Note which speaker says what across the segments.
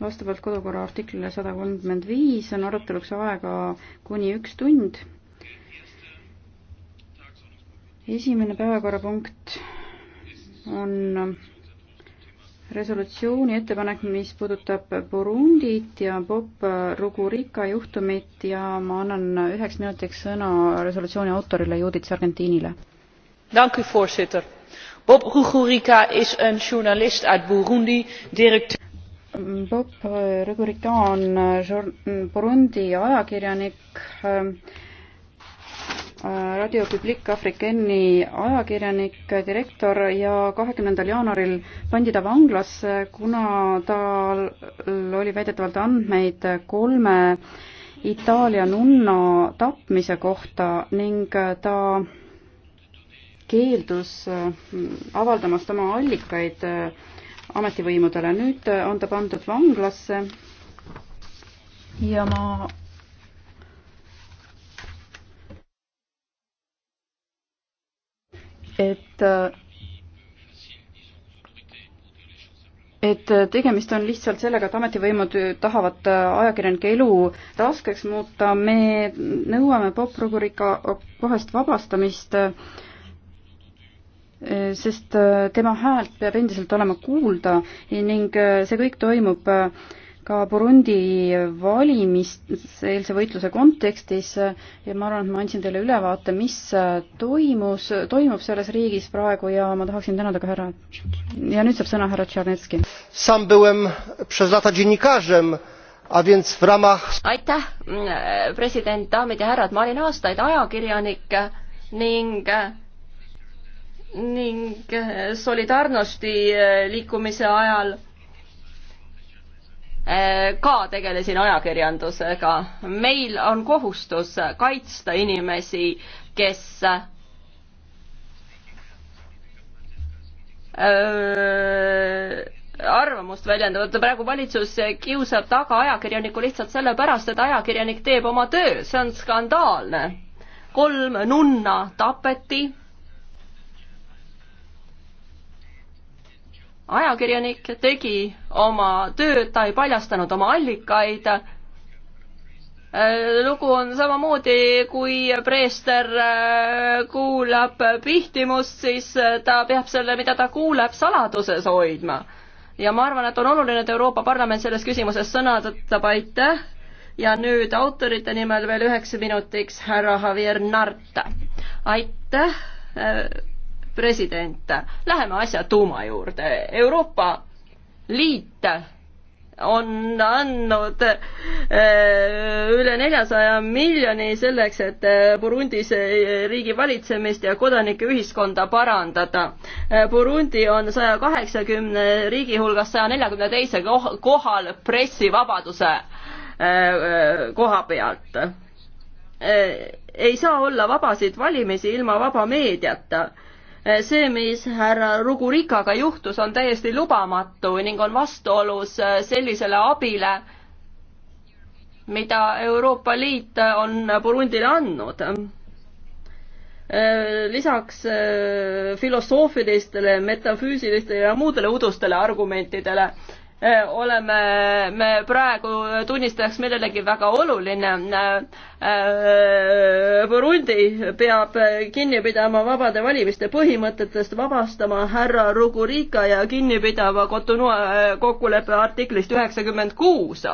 Speaker 1: vastavalt kodukorra artiklile sada kolmkümmend viis on aruteluks aega kuni üks tund. esimene päevakorrapunkt on resolutsiooni ettepanek, mis puudutab Burundit ja Bob Rugurika juhtumit ja ma annan üheks minutiks sõna resolutsiooni autorile Judith Sargentinile.
Speaker 2: Dank u voorzitter.
Speaker 1: Bob Rugurika is een journalist uit Burundi, directeur Bob Regurika on äh, Burundi ajakirjanik, äh, äh, Radio Public Africaini ajakirjanik, direktor ja kahekümnendal jaanuaril pandi ta vanglasse, kuna tal oli väidetavalt andmeid kolme Itaalia nunna tapmise kohta ning ta keeldus avaldamast oma allikaid äh, ametivõimudele. nüüd äh, on ta pandud vanglasse ja ma et äh, et äh, tegemist on lihtsalt sellega, et ametivõimud tahavad ajakirjanike elu raskeks muuta, me nõuame popprokurika kohest vabastamist äh, sest äh, tema häält peab endiselt olema kuulda ning äh, see kõik toimub äh, ka Burundi valimiseelse võitluse kontekstis ja ma arvan, et ma andsin teile ülevaate, mis toimus, toimub selles riigis praegu ja ma tahaksin tänada ka härra ja nüüd saab sõna härra Tšarnetski.
Speaker 2: aitäh, mm, president, daamid ja härrad, ma olin aastaid ajakirjanik ning ning eh, Solidarnosti eh, liikumise ajal eh, ka tegelesin ajakirjandusega. meil on kohustus kaitsta inimesi, kes arvamust väljendavad, praegu valitsus kiusab taga ajakirjanikku lihtsalt sellepärast, et ajakirjanik teeb oma töö, see on skandaalne. kolm nunna tapeti ajakirjanik tegi oma tööd, ta ei paljastanud oma allikaid. Äh, lugu on samamoodi, kui preester äh, kuulab pihtimust, siis äh, ta peab selle, mida ta kuuleb, saladuses hoidma. ja ma arvan, et on oluline, et Euroopa Parlament selles küsimuses sõna võtab, aitäh. ja nüüd autorite nimel veel üheks minutiks härra Javier Nart. aitäh president, läheme asja tuuma juurde. Euroopa Liit on andnud eh, üle neljasaja miljoni selleks, et eh, Burundis eh, riigi valitsemist ja kodanikeühiskonda parandada. Burundi on saja kaheksakümne riigi hulgas saja neljakümne teise kohal pressivabaduse koha pealt. ei saa olla vabasid valimisi ilma vaba meediata see, mis härra Rugurikaga juhtus, on täiesti lubamatu ning on vastuolus äh, sellisele abile, mida Euroopa Liit on Burundile andnud. Äh, lisaks äh, filosoofilistele, metafüüsilistele ja muudele udustele argumentidele Äh, oleme me praegu tunnistajaks millelegi väga oluline. Äh, Burundi peab kinni pidama vabade valimiste põhimõtetest, vabastama härra Rugurika ja kinni pidama Cotonou äh, kokkuleppe artiklist üheksakümmend kuus.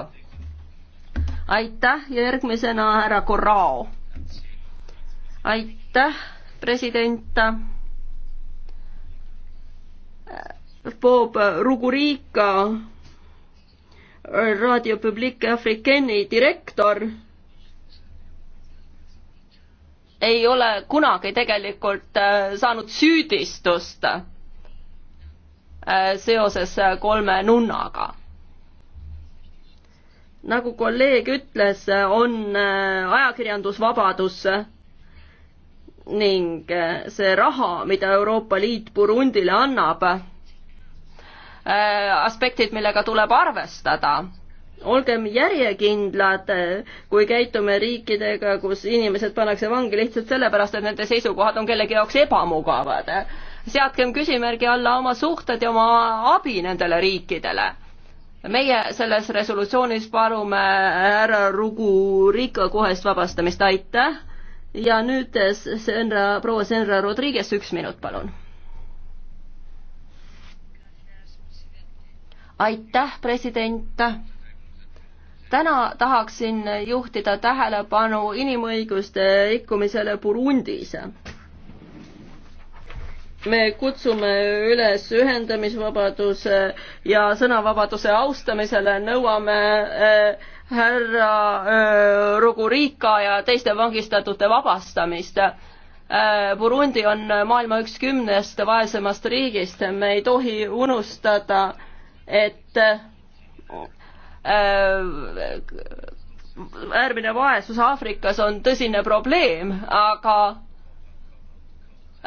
Speaker 2: aitäh ja järgmisena härra Corrao. aitäh, president Bob Rugurika Radio Publique Africaine direktor ei ole kunagi tegelikult äh, saanud süüdistust äh, seoses äh, kolme nunnaga. nagu kolleeg ütles, on ajakirjandusvabadus ning see raha, mida Euroopa Liit Burundile annab, Äh, aspektid, millega tuleb arvestada olgem järjekindlad, äh, kui käitume riikidega, kus inimesed pannakse vangi lihtsalt sellepärast, et nende seisukohad on kellegi jaoks ebamugavad. seadkem küsimärgi alla oma suhted ja oma abi nendele riikidele. meie selles resolutsioonis palume härra Rugu Riika kohest vabastamist, aitäh. ja nüüd äh, Senra, proua Senra Rodriguez, üks minut, palun aitäh, president. täna tahaksin juhtida tähelepanu inimõiguste rikkumisele Burundis me kutsume üles ühendamisvabaduse ja sõnavabaduse austamisele, nõuame eh, härra eh, Rugurika ja teiste vangistatute vabastamist. Eh, Burundi on maailma üks kümnest vaesemast riigist, me ei tohi unustada et äh, äärmine vaesus Aafrikas on tõsine probleem, aga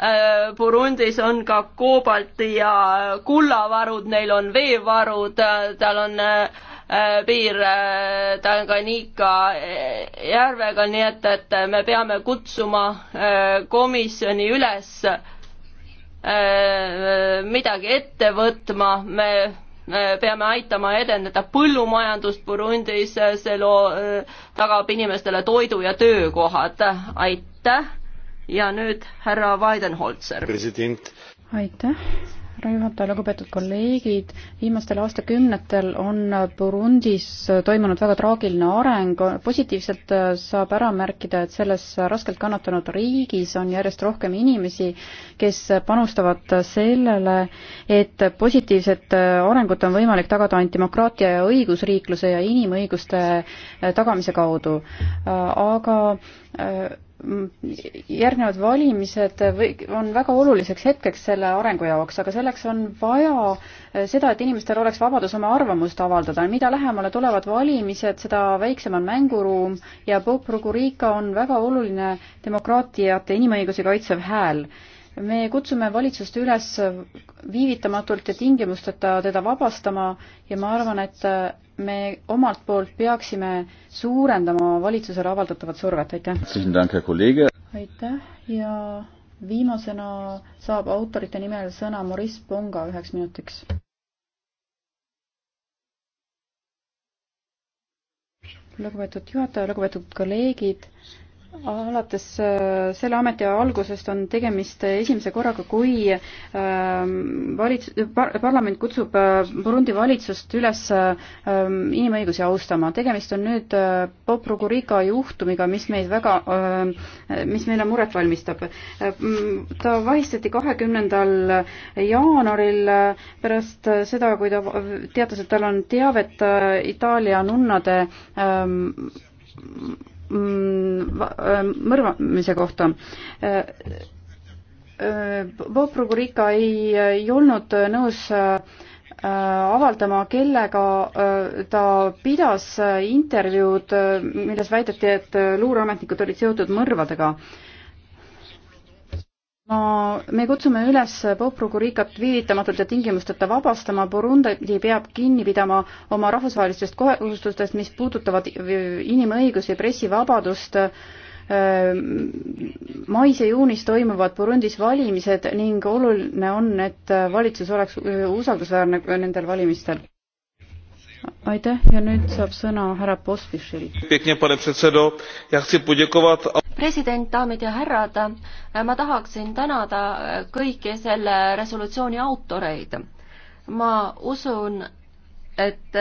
Speaker 2: äh, Burundis on ka koobalti ja kullavarud, neil on veevarud, tal on äh, piir Tanganika järvega, nii et, et me peame kutsuma komisjoni üles midagi ette võtma, me me peame aitama edendada põllumajandust Burundis, see loo-, äh, tagab inimestele toidu ja töökohad. aitäh ja nüüd härra Weidenholzer.
Speaker 1: aitäh, härra juhataja, lugupeetud kolleegid, viimastel aastakümnetel on Burundis toimunud väga traagiline areng, positiivselt saab ära märkida, et selles raskelt kannatanud riigis on järjest rohkem inimesi, kes panustavad sellele, et positiivset arengut on võimalik tagada ainult demokraatia ja õigusriikluse ja inimõiguste tagamise kaudu. aga järgnevad valimised või on väga oluliseks hetkeks selle arengu jaoks, aga selleks on vaja eh, seda, et inimestel oleks vabadus oma arvamust avaldada. mida lähemale tulevad valimised, seda väiksem on mänguruum ja Puerto-Rico on väga oluline demokraatiate inimõigusi kaitsev hääl me kutsume valitsust üles viivitamatult ja tingimusteta teda vabastama ja ma arvan, et me omalt poolt peaksime suurendama valitsusele avaldatavat survet, aitäh! aitäh ja viimasena saab autorite nimel sõna Maurice Ponga üheks minutiks. lugupeetud juhataja, lugupeetud kolleegid, alates äh, selle ametiaja algusest on tegemist esimese korraga, kui ähm, valits-, par-, parlament kutsub äh, Burundi valitsust üles ähm, inimõigusi austama. tegemist on nüüd äh, Poproguriga juhtumiga, mis meid väga, ähm, mis meile muret valmistab. ta vahistati kahekümnendal jaanuaril pärast seda, kui ta teatas, et tal on teavet Itaalia nunnade Mm, äh, mõrvamise kohta. Äh, äh, Bob Rugurika ei, ei olnud nõus avaldama, kellega ta pidas intervjuud, milles väideti, et luureametnikud olid seotud mõrvadega ma, me kutsume üles Bob-Rugurikat viivitamatult ja tingimusteta vabastama, Burundi peab kinni pidama oma rahvusvahelistest kohustustest, mis puudutavad inimõigusi, pressivabadust, ähm, mais ja juunis toimuvad Burundis valimised ning oluline on, et valitsus oleks usaldusväärne nendel valimistel.
Speaker 2: aitäh ja nüüd saab sõna härra Pospišil president, daamid ja härrad, ma tahaksin tänada kõiki selle resolutsiooni autoreid. ma usun, et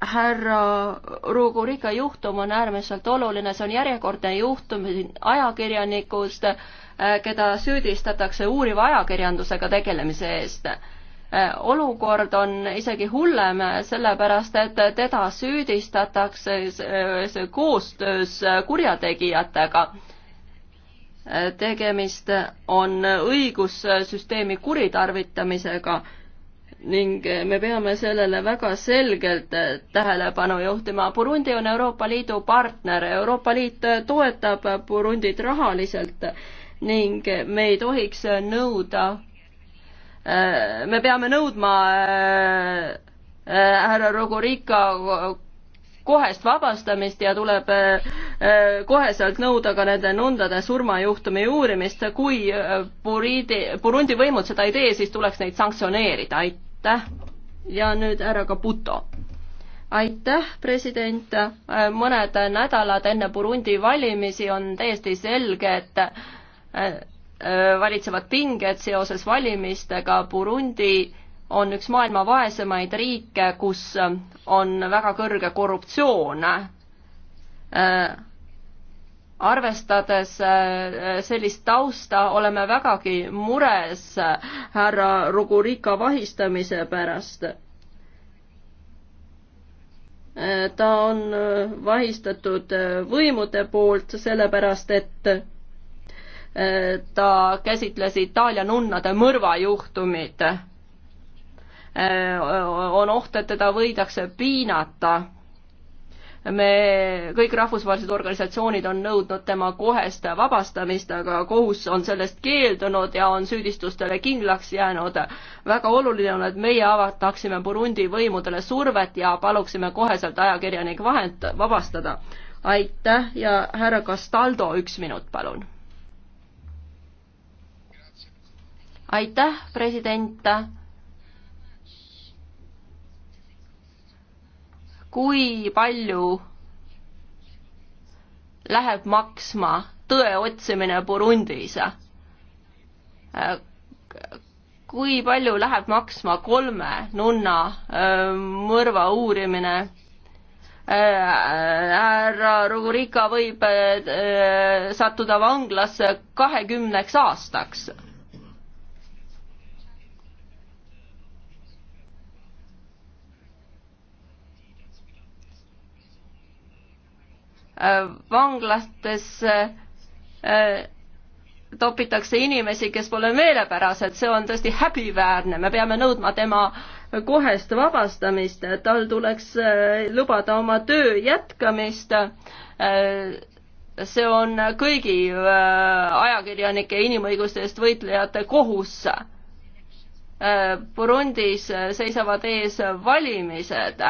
Speaker 2: härra Rugurika juhtum on äärmiselt oluline, see on järjekordne juhtum ajakirjanikust, keda süüdistatakse uuriva ajakirjandusega tegelemise eest Äh, olukord on isegi hullem, sellepärast et teda süüdistatakse äh, koostöös kurjategijatega. Äh, tegemist on õigussüsteemi kuritarvitamisega ning me peame sellele väga selgelt tähelepanu juhtima. Burundi on Euroopa Liidu partner, Euroopa Liit toetab Burundit rahaliselt ning me ei tohiks nõuda Äh, me peame nõudma äh, äh, härra Rogorika kohest vabastamist ja tuleb koheselt nõuda ka nende nundade surmajuhtumi uurimist. kui Buridi, Burundi võimud seda ei tee, siis tuleks neid sanktsioneerida. aitäh. ja nüüd härra Caputo. aitäh, president. mõned nädalad enne Burundi valimisi on täiesti selge, et Äh, valitsevad pinged seoses valimistega, Burundi on üks maailma vaesemaid riike, kus äh, on väga kõrge korruptsioon. Äh, arvestades sellist tausta, oleme vägagi mures härra Rugurika vahistamise pärast. ta on vahistatud võimude poolt sellepärast, et ta käsitles Itaalia nunnade mõrvajuhtumit. Äh, on oht, et teda võidakse piinata. me, kõik rahvusvahelised organisatsioonid on nõudnud tema kohest vabastamist, aga kohus on sellest keeldunud ja on süüdistustele kinglaks jäänud. väga oluline on, et meie avaldaksime Burundi võimudele survet ja paluksime koheselt ajakirjanik vahend vabastada. aitäh ja härra Castaldo, üks minut, palun aitäh, president. kui palju läheb maksma tõe otsimine Burundis? kui palju läheb maksma kolme nunna mõrva uurimine? härra Rugurika võib sattuda vanglasse kahekümneks aastaks Äh, vanglatesse äh, topitakse inimesi, kes pole meelepärased, see on tõesti häbiväärne, me peame nõudma tema kohest vabastamist, tal tuleks äh, lubada oma töö jätkamist. see on kõigi ajakirjanike ja inimõiguste eest võitlejate kohus. Burundis seisavad ees valimised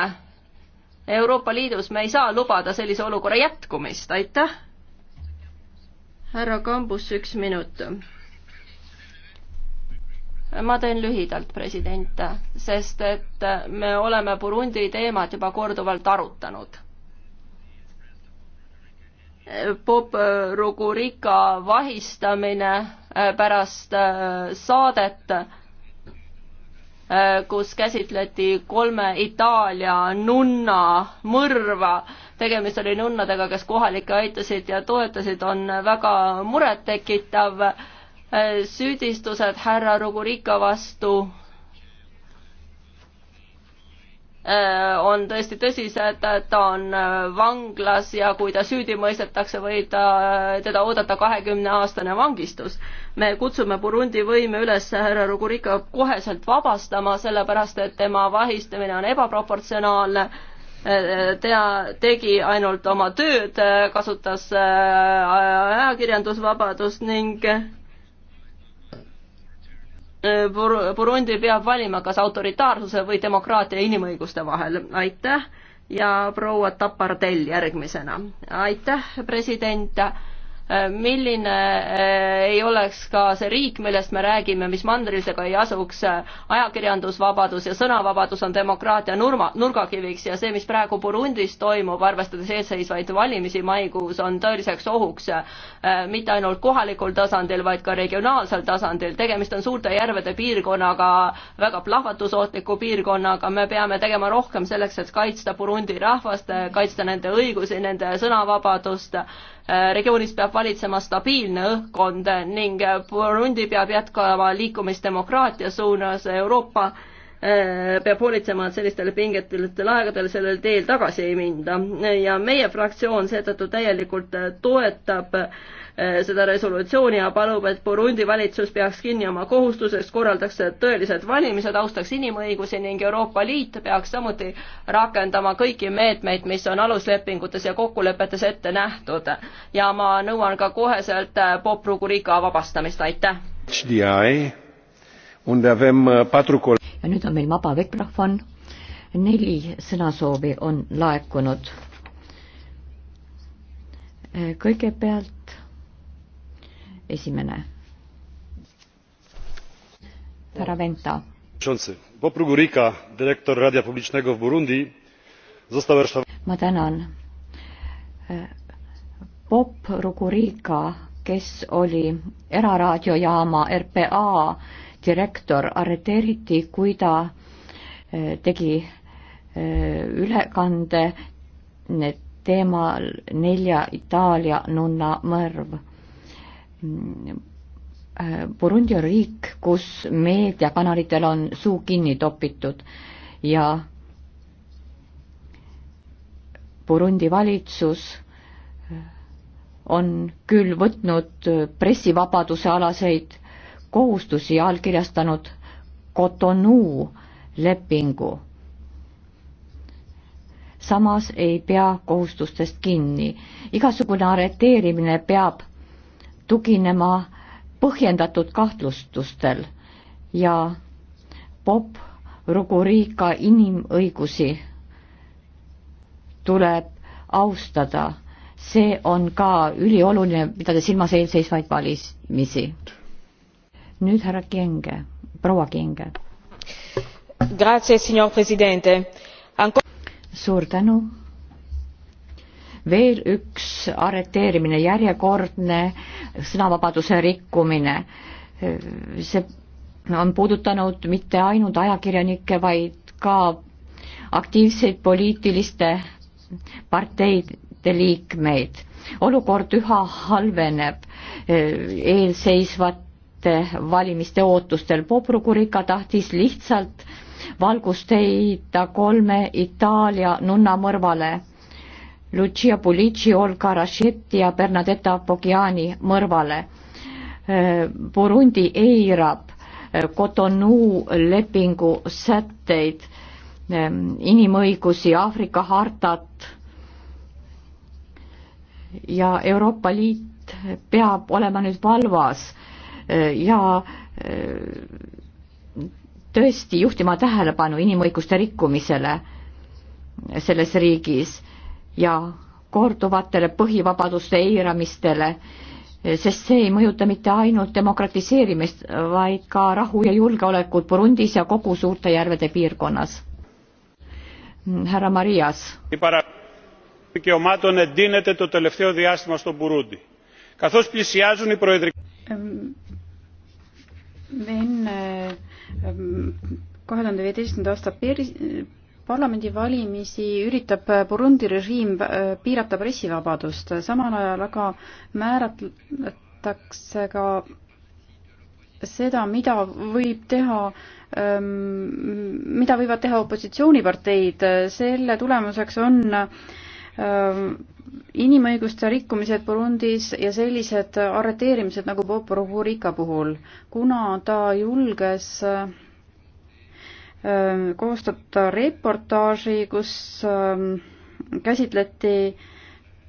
Speaker 2: Euroopa Liidus me ei saa lubada sellise olukorra jätkumist, aitäh. härra Kambus, üks minut. ma teen lühidalt, president, sest et me oleme Burundi teemat juba korduvalt arutanud. Bob Rugurika vahistamine pärast saadet Äh, kus käsitleti kolme Itaalia nunna mõrva. tegemist oli nunnadega, kes kohalikke aitasid ja toetasid, on väga murettekitav. Äh, süüdistused härra Rugurika vastu Äh, on tõesti tõsised, ta on äh, vanglas ja kui ta süüdi mõistetakse, võib ta, äh, teda oodata kahekümneaastane vangistus. me kutsume Burundi võime üles härra Rugurika koheselt vabastama, sellepärast et tema vahistamine on ebaproportsionaalne, tea, tegi ainult oma tööd, kasutas ajakirjandusvabadust ning Äh, Burundi peab valima kas autoritaarsuse või demokraatia ja inimõiguste vahel. aitäh ja proua Tapardell järgmisena. aitäh, president Äh, milline äh, ei oleks ka see riik, millest me räägime, mis mandril see ka ei asuks, äh, ajakirjandusvabadus ja sõnavabadus on demokraatia nurma, nurgakiviks ja see, mis praegu Burundis toimub, arvestades eelseisvaid valimisi maikuus, on tõeliseks ohuks mitte ainult kohalikul tasandil, vaid ka regionaalsel tasandil. tegemist on suurte järvede piirkonnaga, väga plahvatusohtliku piirkonnaga, me peame tegema rohkem selleks, et kaitsta Burundi rahvast, kaitsta nende õigusi, nende sõnavabadust Äh, regioonis peab valitsema stabiilne õhkkond ning Burundi peab jätkama liikumisdemokraatia suunas Euroopa Äh, peab hoolitsema, et sellistel pingetel aegadel sellel teel tagasi ei minda ja meie fraktsioon seetõttu täielikult äh, toetab äh, seda resolutsiooni ja palub, et Burundi valitsus peaks kinni oma kohustusest, korraldaks tõelised valimised, austaks inimõigusi ning Euroopa Liit peaks samuti rakendama kõiki meetmeid, mis on aluslepingutes ja kokkulepetes ette nähtud. ja ma nõuan ka koheselt Bob Ruguriga vabastamist, aitäh!
Speaker 3: HDI Uh, ja nüüd on meil vaba mikrofon. neli sõnasoovi on laekunud. Äh, kõigepealt esimene. härra Venta.
Speaker 1: poprugu Rika, direktor Radia Publicznego v Burundi, został aresztowany.
Speaker 3: ma tänan. Äh, Pop Ruguriga, kes oli eraraadiojaama RPA direktor arreteeriti, kui ta eh, tegi eh, ülekande teemal nelja Itaalia nunna mõrv. Mm, eh, Burundi on riik, kus meediakanalitel on suu kinni topitud ja Burundi valitsus on küll võtnud pressivabaduse alaseid kohustusi allkirjastanud Cotonou lepingu. samas ei pea kohustustest kinni. igasugune arreteerimine peab tuginema põhjendatud kahtlustustel ja popp Ruguriika inimõigusi tuleb austada. see on ka ülioluline, pidades silmas eelseisvaid valimisi nüüd härra Kienge, proua Kienge. suur tänu. veel üks arreteerimine, järjekordne sõnavabaduse rikkumine. see on puudutanud mitte ainult ajakirjanikke, vaid ka aktiivseid poliitiliste parteide liikmeid. olukord üha halveneb, eelseisvad viimaste valimiste ootustel. Poprugurika tahtis lihtsalt valgusteida kolme Itaalia nunna mõrvale, Lucia Pulici, Olga Raschetti ja Bernadetta Poggiani mõrvale. Äh, Burundi eirab äh, Cotonou lepingu sätteid, ähm, inimõigusi, Aafrika hartat ja Euroopa Liit peab olema nüüd valvas Äh, ja äh, tõesti juhtima tähelepanu inimõiguste rikkumisele selles riigis ja korduvatele põhivabaduste eiramistele, sest see ei mõjuta mitte ainult demokratiseerimist, vaid ka rahu ja julgeolekut Burundis ja kogu suurte järvede piirkonnas. härra Marias
Speaker 1: enne ähm, kahe tuhande viieteistkümnenda aasta pers-, parlamendivalimisi üritab Burundi režiim äh, piirata pressivabadust, samal ajal aga määratletakse ka seda, mida võib teha, ähm, mida võivad teha opositsiooniparteid, selle tulemuseks on äh, inimõiguste rikkumised Burundis ja sellised arreteerimised nagu Bob Ruhurika puhul, kuna ta julges koostada reportaaži, kus käsitleti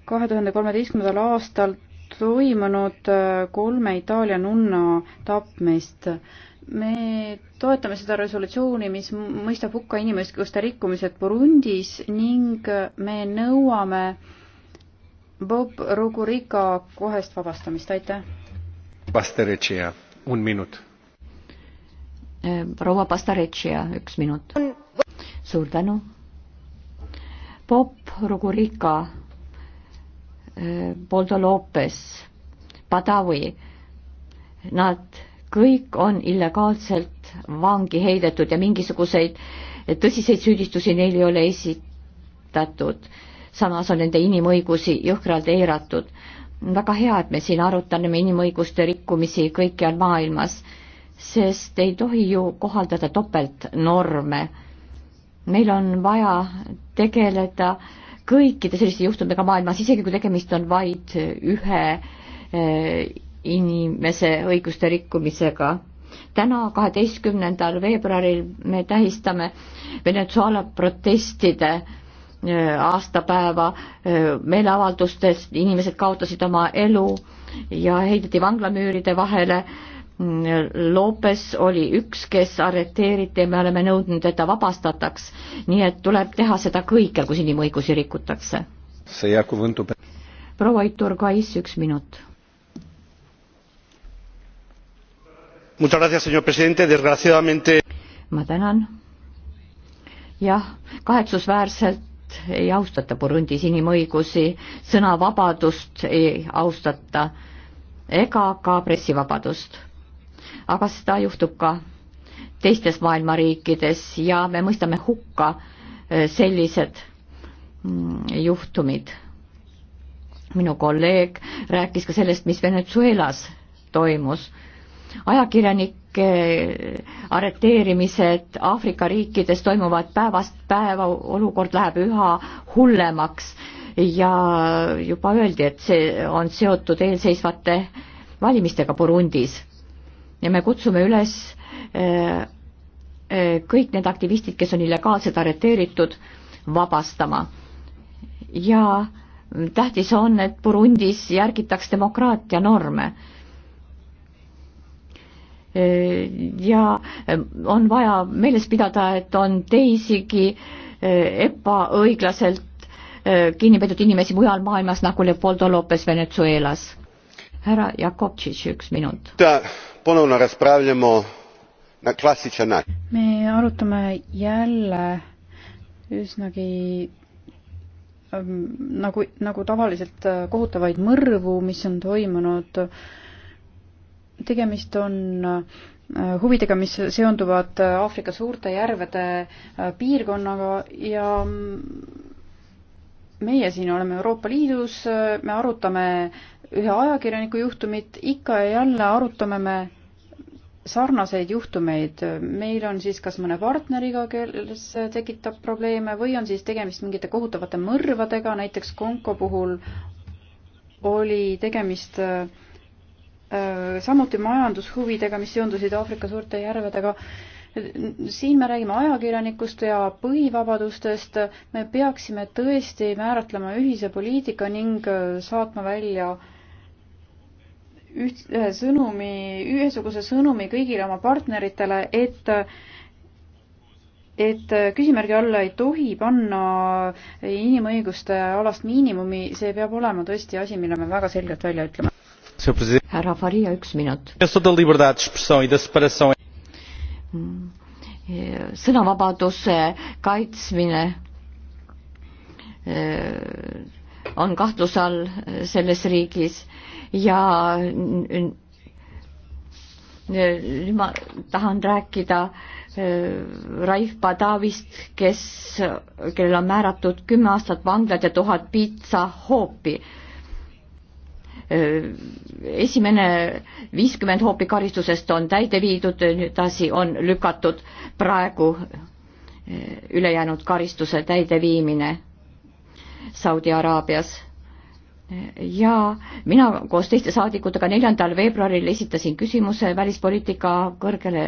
Speaker 1: kahe tuhande kolmeteistkümnendal aastal toimunud kolme Itaalia nunna tapmist me toetame seda resolutsiooni, mis mõistab hukka inimõiguste rikkumised Burundis ning me nõuame Bob Rugurika kohest vabastamist, aitäh. Pastaretšia, un minut.
Speaker 3: Eh, proua Pastaretšia, üks minut. suur tänu. Bob Rugurika, eh, Boldo Lopez, Padawi, nad kõik on illegaalselt vangi heidetud ja mingisuguseid tõsiseid süüdistusi neil ei ole esitatud. samas on nende inimõigusi jõhkralt eiratud. väga hea, et me siin arutame inimõiguste rikkumisi kõikjal maailmas, sest ei tohi ju kohaldada topeltnorme. meil on vaja tegeleda kõikide selliste juhtumitega maailmas, isegi kui tegemist on vaid ühe eh, inimese õiguste rikkumisega. täna, kaheteistkümnendal veebruaril me tähistame Venezuela protestide äh, aastapäeva äh, meeleavaldustest, inimesed kaotasid oma elu ja heideti vanglamüüride vahele. Mm, Lopes oli üks, kes arreteeriti ja me oleme nõudnud, et ta vabastataks. nii et tuleb teha seda kõikjal, kus inimõigusi rikutakse.
Speaker 1: see jääb kuvõntu peale.
Speaker 3: proua Itur Kais, üks minut
Speaker 1: señor presidente desgraciadamente.
Speaker 3: ma tänan. jah, kahetsusväärselt ei austata Burundis inimõigusi, sõnavabadust ei austata ega ka pressivabadust. aga seda juhtub ka teistes maailma riikides ja me mõistame hukka eh, sellised mm, juhtumid. minu kolleeg rääkis ka sellest, mis Venezuelas toimus ajakirjanike arreteerimised Aafrika riikides toimuvad päevast päeva, olukord läheb üha hullemaks ja juba öeldi, et see on seotud eelseisvate valimistega Burundis. ja me kutsume üles eh, eh, kõik need aktivistid, kes on illegaalselt arreteeritud, vabastama. ja tähtis on, et Burundis järgitaks demokraatia norme ja e, on vaja meeles pidada, et on teisigi e, ebaõiglaselt e, kinni peetud inimesi mujal maailmas, nagu Leopoldo Lopez Venezuelas. härra Jakobtšitš, üks minut.
Speaker 1: me arutame jälle üsnagi ähm, nagu, nagu tavaliselt äh, kohutavaid mõrvu, mis on toimunud äh, tegemist on äh, huvidega, mis seonduvad äh, Aafrika suurte järvede äh, piirkonnaga ja mm, meie siin oleme Euroopa Liidus, me arutame ühe ajakirjaniku juhtumit, ikka ja jälle arutame me sarnaseid juhtumeid, meil on siis kas mõne partneriga, kes tekitab probleeme või on siis tegemist mingite kohutavate mõrvadega, näiteks Kongo puhul oli tegemist äh, Äh, samuti majandushuvidega, mis seondusid Aafrika suurte järvedega. siin me räägime ajakirjanikust ja põhivabadustest, me peaksime tõesti määratlema ühise poliitika ning äh, saatma välja üht-, ühe sõnumi, ühesuguse sõnumi kõigile oma partneritele, et et küsimärgi alla ei tohi panna inimõiguste alast miinimumi, see peab olema tõesti asi, mille me väga selgelt välja ütleme
Speaker 3: härra Faria, üks minut. E mm. eh, sõnavabaduse eh, kaitsmine eh, on kahtluse all selles riigis ja nüüd ma tahan rääkida Raif Badavist, kes, kellel on määratud kümme aastat vanglat ja tuhat piitsa hoopi Äh, esimene viiskümmend hoopi karistusest on täide viidud, edasi on lükatud praegu äh, ülejäänud karistuse täideviimine Saudi Araabias. Äh, ja mina koos teiste saadikutega neljandal veebruaril esitasin küsimuse välispoliitika kõrgele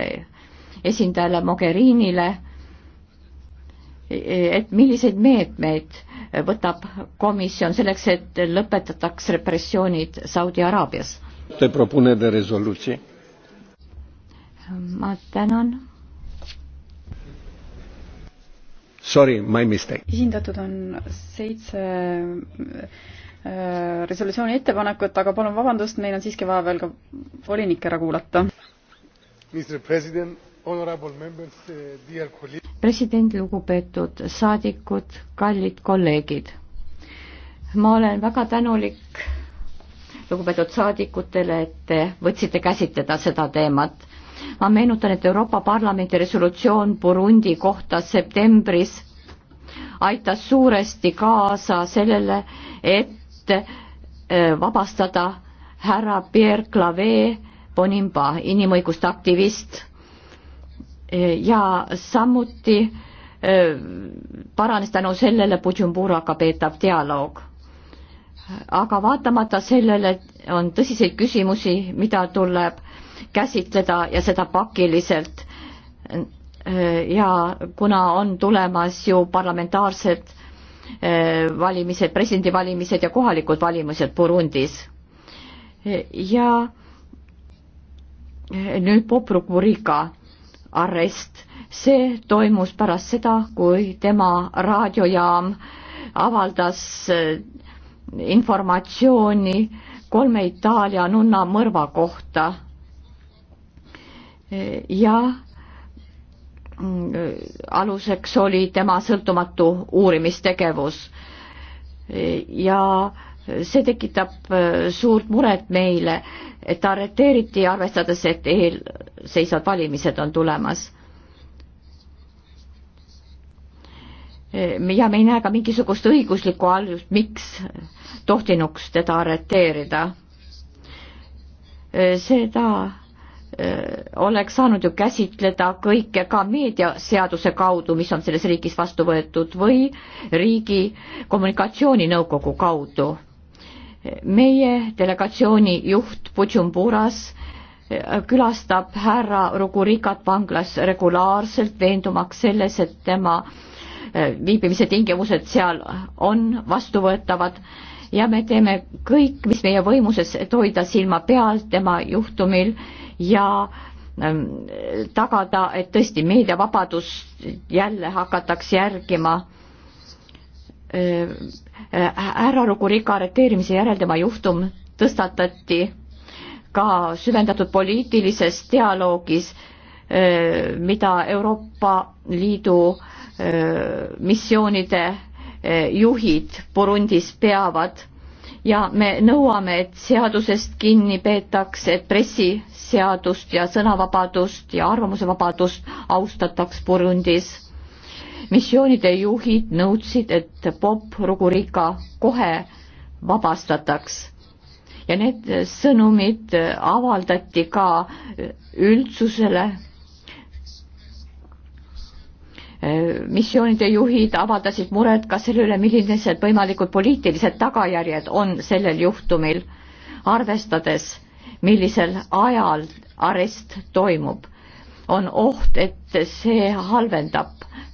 Speaker 3: esindajale Mogherinile, et milliseid meetmeid meet võtab komisjon selleks, et lõpetataks repressioonid Saudi Araabias? ma tänan.
Speaker 1: Sorry, my mistake. esindatud on seitse äh, resolutsiooni ettepanekut, aga palun vabandust, meil on siiski vaja veel ka volinik ära kuulata. Mr President
Speaker 3: Eh, president, lugupeetud saadikud, kallid kolleegid. ma olen väga tänulik lugupeetud saadikutele, et te võtsite käsitleda seda teemat ma meenutan, et Euroopa Parlamendi resolutsioon Burundi kohta septembris aitas suuresti kaasa sellele, et eh, vabastada härra Pierre Clave Bonimba, inimõiguste aktivist, ja samuti e, paranes tänu sellele Bujumburaga peetav dialoog. aga vaatamata sellele on tõsiseid küsimusi, mida tuleb käsitleda ja seda pakiliselt. E, ja kuna on tulemas ju parlamentaarsed e, valimised, presidendivalimised ja kohalikud valimised Burundis ja nüüd Poprukuriga arest. see toimus pärast seda, kui tema raadiojaam avaldas eh, informatsiooni kolme Itaalia nunna mõrva kohta. Eh, ja mm, aluseks oli tema sõltumatu uurimistegevus eh, ja see tekitab äh, suurt muret meile, et ta arreteeriti, arvestades, et eelseisvad valimised on tulemas. ja me ei näe ka mingisugust õiguslikku algust, miks tohtinuks teda arreteerida. Äh, seda äh, oleks saanud ju käsitleda kõike ka meediaseaduse kaudu, mis on selles riigis vastu võetud või riigi kommunikatsiooninõukogu kaudu meie delegatsiooni juht Butšumburas eh, külastab härra Rugurikat vanglas regulaarselt, veendumaks selles, et tema eh, viibimise tingimused seal on vastuvõetavad ja me teeme kõik, mis meie võimuses, et hoida silma peal tema juhtumil ja ehm, tagada, et tõesti meediavabadust jälle hakatakse järgima härra äh, äh, Rukuriga arreteerimise järel tema juhtum tõstatati ka süvendatud poliitilises dialoogis, äh, mida Euroopa Liidu missioonide juhid Burundis peavad ja me nõuame, et seadusest kinni peetaks, et pressiseadust ja sõnavabadust ja arvamusevabadust austataks Burundis missioonide juhid nõudsid, et Bob Rugurika kohe vabastataks ja need sõnumid avaldati ka üldsusele. missioonide juhid avaldasid muret ka selle üle, millised võimalikud poliitilised tagajärjed on sellel juhtumil, arvestades, millisel ajal arest toimub. on oht, et see halvendab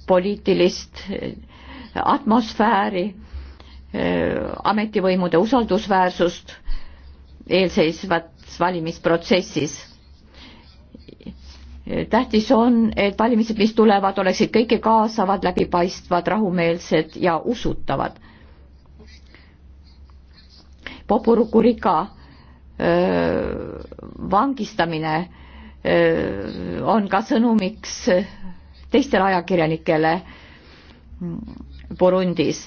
Speaker 3: poliitilist eh, atmosfääri, eh, ametivõimude usaldusväärsust eelseisvas valimisprotsessis. Eh, tähtis on, et valimised, mis tulevad, oleksid kõike kaasavad, läbipaistvad, rahumeelsed ja usutavad. Popurukuriga vangistamine öö, on ka sõnumiks teistele ajakirjanikele Burundis.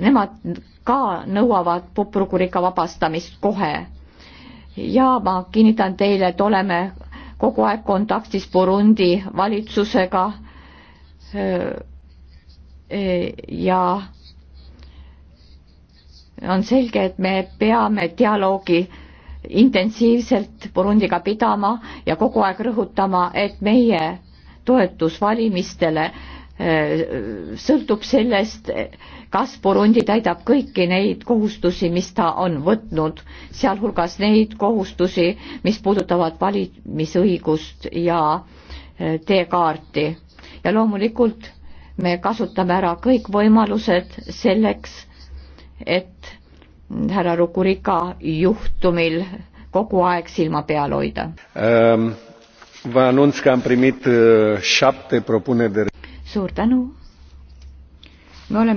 Speaker 3: Nemad ka nõuavad Puprugurika vabastamist kohe. ja ma kinnitan teile, et oleme kogu aeg kontaktis Burundi valitsusega e, ja on selge, et me peame dialoogi intensiivselt Burundiga pidama ja kogu aeg rõhutama, et meie toetus valimistele eh, sõltub sellest, kas Burundi täidab kõiki neid kohustusi, mis ta on võtnud, sealhulgas neid kohustusi, mis puudutavad valimisõigust ja eh, teekaarti. ja loomulikult me kasutame ära kõik võimalused selleks, et härra Rukurika juhtumil kogu aeg silma peal hoida
Speaker 1: ähm.. Vă anunț că am primit uh, șapte propuneri de...
Speaker 3: Suur tänu! Me oleme